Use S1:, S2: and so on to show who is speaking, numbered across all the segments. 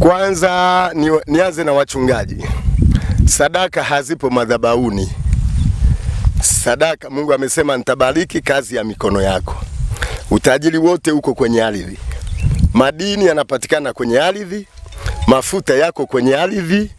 S1: Kwanza ni, nianze na wachungaji. Sadaka hazipo madhabahuni. Sadaka, Mungu amesema nitabariki kazi ya mikono yako. Utajiri wote uko kwenye ardhi. Madini yanapatikana kwenye ardhi, mafuta yako kwenye ardhi,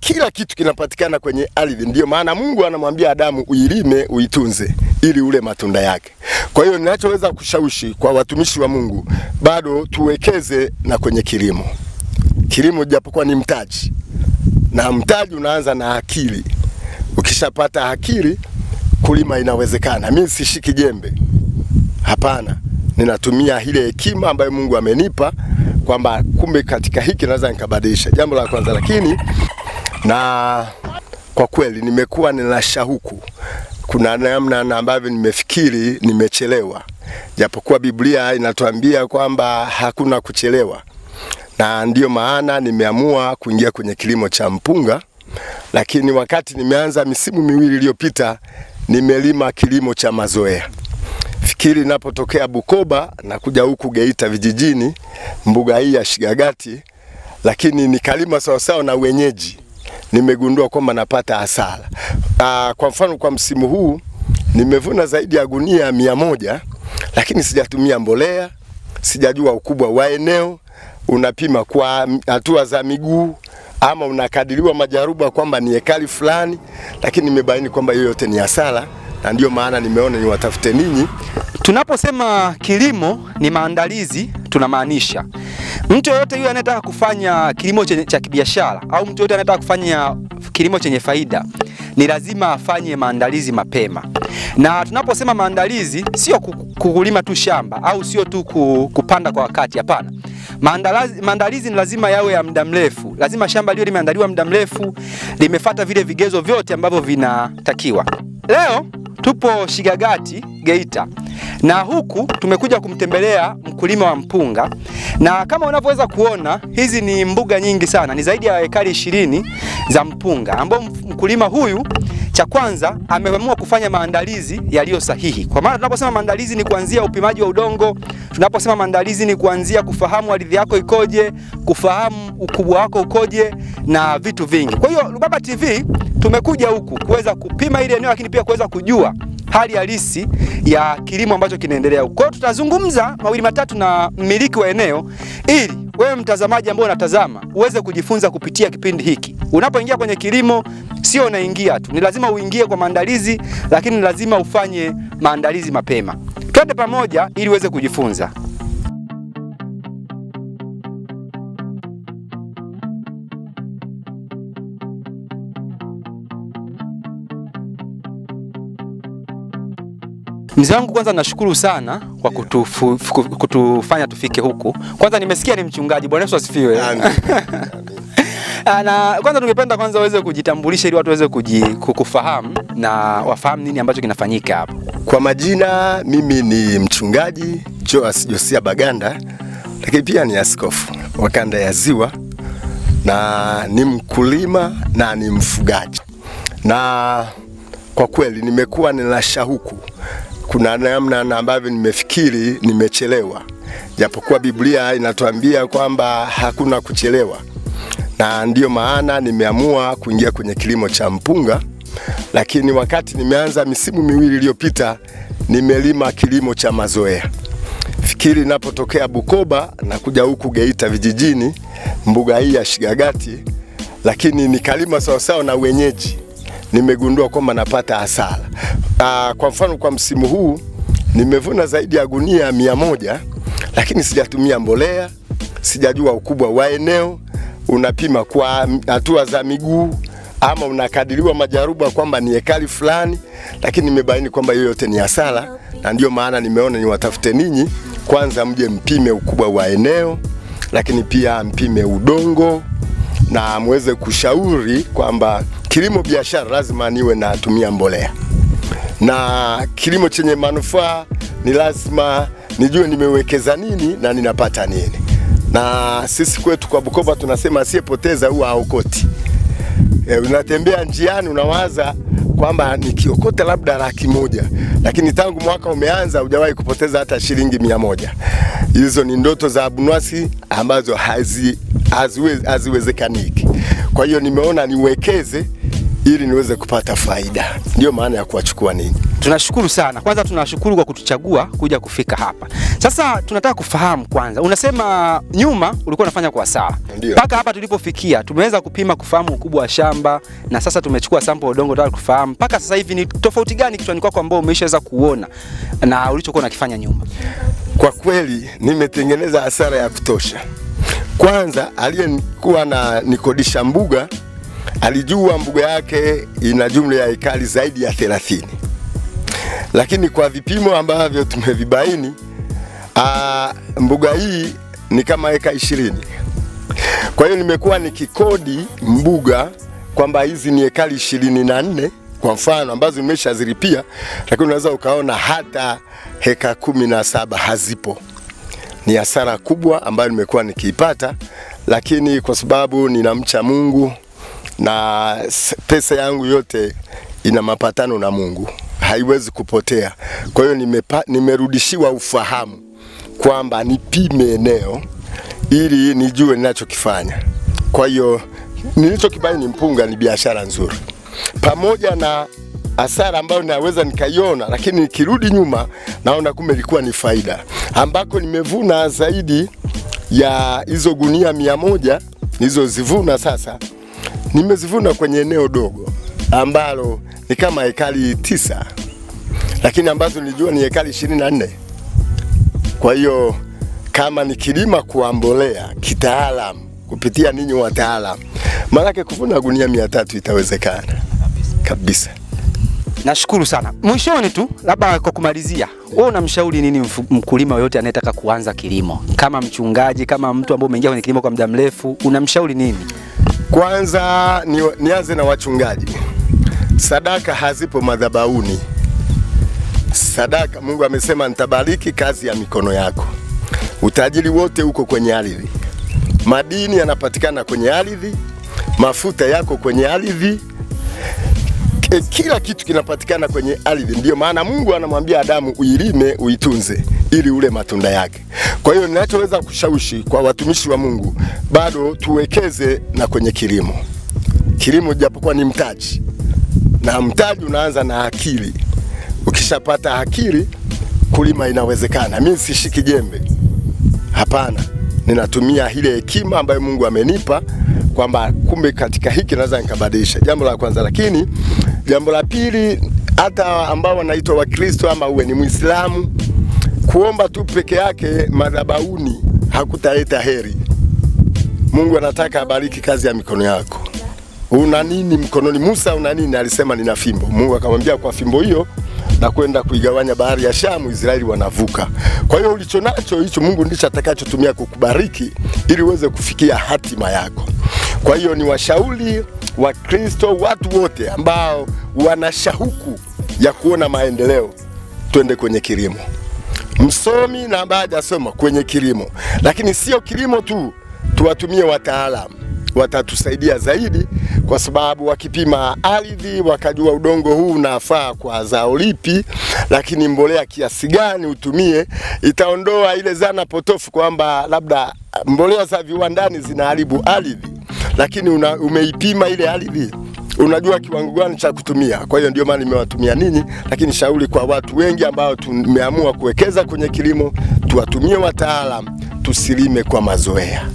S1: kila kitu kinapatikana kwenye ardhi. ndio maana Mungu anamwambia Adamu uilime, uitunze ili ule matunda yake. Kwa hiyo ninachoweza kushawishi kwa watumishi wa Mungu, bado tuwekeze na kwenye kilimo. Kilimo japokuwa ni mtaji, na mtaji unaanza na akili. Ukishapata akili, kulima inawezekana. Mimi sishiki jembe, hapana, ninatumia ile hekima ambayo Mungu amenipa kwamba kumbe katika hiki naweza nikabadilisha jambo la kwanza. Lakini na kwa kweli nimekuwa nina shauku kuna namna na ambavyo nimefikiri nimechelewa, japokuwa Biblia inatuambia kwamba hakuna kuchelewa, na ndiyo maana nimeamua kuingia kwenye kilimo cha mpunga. Lakini wakati nimeanza misimu miwili iliyopita, nimelima kilimo cha mazoea. Fikiri inapotokea Bukoba na kuja huku Geita vijijini, mbuga hii ya Shigagati, lakini nikalima sawasawa na wenyeji, nimegundua kwamba napata hasara. Ah, kwa mfano kwa msimu huu nimevuna zaidi ya gunia mia moja lakini sijatumia mbolea, sijajua ukubwa wa eneo, unapima kwa hatua za miguu ama unakadiriwa majaruba kwamba ni hekari fulani, lakini nimebaini kwamba hiyo yote ni hasara, na ndiyo maana nimeona niwatafute ninyi. Tunaposema kilimo ni maandalizi, tunamaanisha mtu yoyote yule anayetaka kufanya kilimo cha kibiashara au mtu yoyote anayetaka kufanya kilimo chenye faida ni lazima afanye maandalizi mapema, na tunaposema maandalizi sio kulima tu shamba au sio tu kupanda kwa wakati, hapana. Maandalizi, ni lazima yawe ya muda mrefu. Lazima shamba liwe limeandaliwa muda mrefu, limefata vile vigezo vyote ambavyo vinatakiwa. Leo tupo Shigagati Geita, na huku tumekuja kumtembelea mkulima wa mpunga, na kama unavyoweza kuona hizi ni mbuga nyingi sana, ni zaidi ya hekari ishirini za mpunga ambao mkulima huyu cha kwanza ameamua kufanya maandalizi yaliyo sahihi. Kwa maana tunaposema maandalizi ni kuanzia upimaji wa udongo, tunaposema maandalizi ni kuanzia kufahamu ardhi yako ikoje, kufahamu ukubwa wako ukoje na vitu vingi. Kwa hiyo Rubaba TV tumekuja huku kuweza kupima ile eneo, lakini pia kuweza kujua hali halisi ya kilimo ambacho kinaendelea huko. Kwa hiyo tutazungumza mawili matatu na mmiliki wa eneo ili wewe mtazamaji ambaye unatazama uweze kujifunza kupitia kipindi hiki. Unapoingia kwenye kilimo, sio unaingia tu, ni lazima uingie kwa maandalizi, lakini lazima ufanye maandalizi mapema. Twende pamoja ili uweze kujifunza. Mzee wangu, kwanza nashukuru sana kwa kutufu, kutufanya tufike huku. Kwanza nimesikia ni mchungaji. Bwana Yesu asifiwe. Na kwanza tungependa kwanza uweze kujitambulisha ili watu waweze kukufahamu na wafahamu nini ambacho kinafanyika hapa.
S2: Kwa majina, mimi ni mchungaji Joas Josia Baganda, lakini pia ni askofu wa kanda ya Ziwa na ni mkulima na ni mfugaji, na kwa kweli nimekuwa nina shauku kuna namna ambavyo nimefikiri nimechelewa, japokuwa Biblia inatuambia kwamba hakuna kuchelewa, na ndiyo maana nimeamua kuingia kwenye kilimo cha mpunga. Lakini wakati nimeanza misimu miwili iliyopita, nimelima kilimo cha mazoea. Fikiri inapotokea Bukoba na kuja huku Geita vijijini, mbuga hii ya Shigagati, lakini nikalima sawasawa na wenyeji, nimegundua kwamba napata hasara na ah, kwa mfano kwa msimu huu nimevuna zaidi ya gunia mia moja lakini sijatumia mbolea, sijajua ukubwa wa eneo, unapima kwa hatua za miguu ama unakadiriwa majaruba kwamba ni ekari fulani, lakini nimebaini kwamba hiyo yote ni hasara, na ndiyo maana nimeona niwatafute ninyi kwanza, mje mpime ukubwa wa eneo, lakini pia mpime udongo na muweze kushauri kwamba kilimo biashara lazima niwe natumia mbolea na kilimo chenye manufaa ni lazima nijue nimewekeza nini na ninapata nini, na sisi kwetu kwa Bukoba tunasema asiyepoteza huwa haokoti. E, unatembea njiani unawaza kwamba nikiokota labda laki moja, lakini tangu mwaka umeanza hujawahi kupoteza hata shilingi mia moja. Hizo ni ndoto za abunwasi ambazo haziwezekaniki. Kwa hiyo nimeona niwekeze ili niweze kupata faida, Ndio maana ya kuwachukua
S1: ninyi. Tunashukuru sana kwanza, tunashukuru kwa kutuchagua kuja kufika hapa. Sasa tunataka kufahamu kwanza, unasema nyuma ulikuwa unafanya kwa hasara, mpaka hapa tulipofikia tumeweza kupima kufahamu ukubwa wa shamba, na sasa tumechukua sample udongo tayari kufahamu mpaka sasa hivi ni tofauti gani kichwani kwako ambao umeshaweza kuona na ulichokuwa unakifanya nyuma?
S2: Kwa kweli nimetengeneza hasara ya kutosha. Kwanza aliyekuwa na nikodisha mbuga Alijua mbuga yake ina jumla ya ekari zaidi ya thelathini, lakini kwa vipimo ambavyo tumevibaini ah, mbuga hii ni kama eka ishirini. Kwa hiyo nimekuwa nikikodi mbuga kwamba hizi ni ekari ishirini na nne kwa mfano ambazo nimeshazilipia, lakini unaweza ukaona hata heka kumi na saba hazipo. Ni hasara kubwa ambayo nimekuwa nikiipata, lakini kwa sababu ninamcha Mungu na pesa yangu yote ina mapatano na Mungu, haiwezi kupotea. Kwa hiyo nimepa, nimerudishiwa ufahamu kwamba nipime eneo ili nijue ninachokifanya. Kwa hiyo nilichokibaini mpunga ni biashara nzuri, pamoja na hasara ambayo naweza nikaiona, lakini nikirudi nyuma naona kumbe ilikuwa ni faida, ambako nimevuna zaidi ya hizo gunia mia moja nilizozivuna sasa nimezivuna kwenye eneo dogo ambalo ni kama hekari tisa, lakini ambazo nilijua ni hekari ishirini na nne. Kwa hiyo kama ni kilima kwa mbolea kupitia ninyi wataalam maanake kuvuna gunia mia tatu itawezekana kabisa.
S1: Nashukuru sana. Mwishoni tu labda kwa kumalizia, wewe unamshauri nini mkulima yoyote anayetaka kuanza kilimo, kama mchungaji, kama mtu ambaye umeingia kwenye kilimo kwa muda mrefu, unamshauri nini?
S2: Kwanza nianze na wachungaji. Sadaka hazipo madhabahuni. Sadaka, Mungu amesema nitabariki kazi ya mikono yako. Utajiri wote uko kwenye ardhi. Madini yanapatikana kwenye ardhi, mafuta yako kwenye ardhi, e, kila kitu kinapatikana kwenye ardhi. Ndio maana Mungu anamwambia Adamu, uilime uitunze, ili ule matunda yake. Kwa hiyo ninachoweza kushawishi kwa watumishi wa Mungu, bado tuwekeze na kwenye kilimo. Kilimo japokuwa ni mtaji, na mtaji unaanza na akili. Ukishapata akili, kulima inawezekana. Mimi sishiki jembe, hapana, ninatumia ile hekima ambayo Mungu amenipa kwamba kumbe katika hiki naweza nikabadilisha jambo la kwanza, lakini Jambo la pili, hata ambao wanaitwa Wakristo ama uwe ni muislamu kuomba tu peke yake madhabahuni hakutaleta heri. Mungu anataka abariki kazi ya mikono yako. Una nini mkononi? Musa, una nini? Alisema nina fimbo. Mungu akamwambia kwa fimbo hiyo na kwenda kuigawanya bahari ya Shamu, Israeli wanavuka. Kwa hiyo ulicho nacho hicho Mungu ndicho atakachotumia kukubariki ili uweze kufikia hatima yako. Kwa hiyo ni washauri Wakristo, watu wote ambao wana shauku ya kuona maendeleo, twende kwenye kilimo. Msomi na ambaye hajasoma kwenye kilimo, lakini sio kilimo tu, tuwatumie wataalamu watatusaidia zaidi, kwa sababu wakipima ardhi wakajua udongo huu unafaa kwa zao lipi, lakini mbolea kiasi gani utumie, itaondoa ile zana potofu kwamba labda mbolea za viwandani zinaharibu ardhi lakini una, umeipima ile ardhi unajua kiwango gani cha kutumia. Kwa hiyo ndio maana nimewatumia ninyi, lakini shauri kwa watu wengi ambao tumeamua kuwekeza kwenye kilimo, tuwatumie wataalam tusilime kwa mazoea.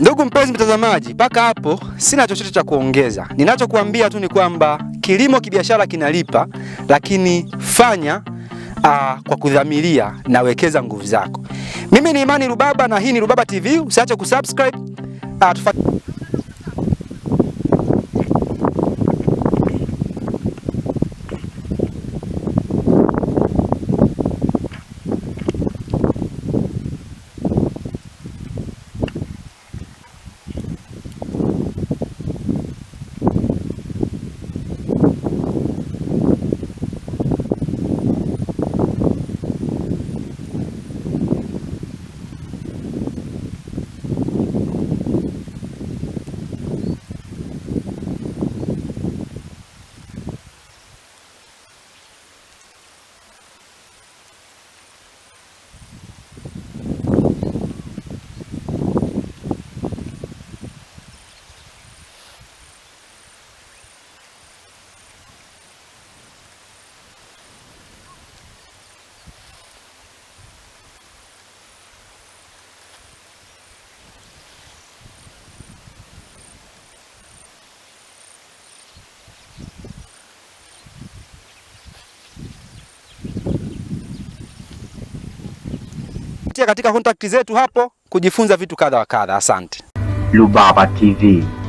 S1: Ndugu mpenzi mtazamaji, mpaka hapo sina chochote cha kuongeza. Ninachokuambia tu ni kwamba kilimo kibiashara kinalipa, lakini fanya aa, ah, kwa kudhamiria na wekeza nguvu zako. Mimi ni Imani Rubaba na hii ni Rubaba TV. Usiache kusubscribe resultado. Tá, kupitia katika kontakti zetu hapo kujifunza vitu kadha wa kadha. Asante.
S3: lubaba TV.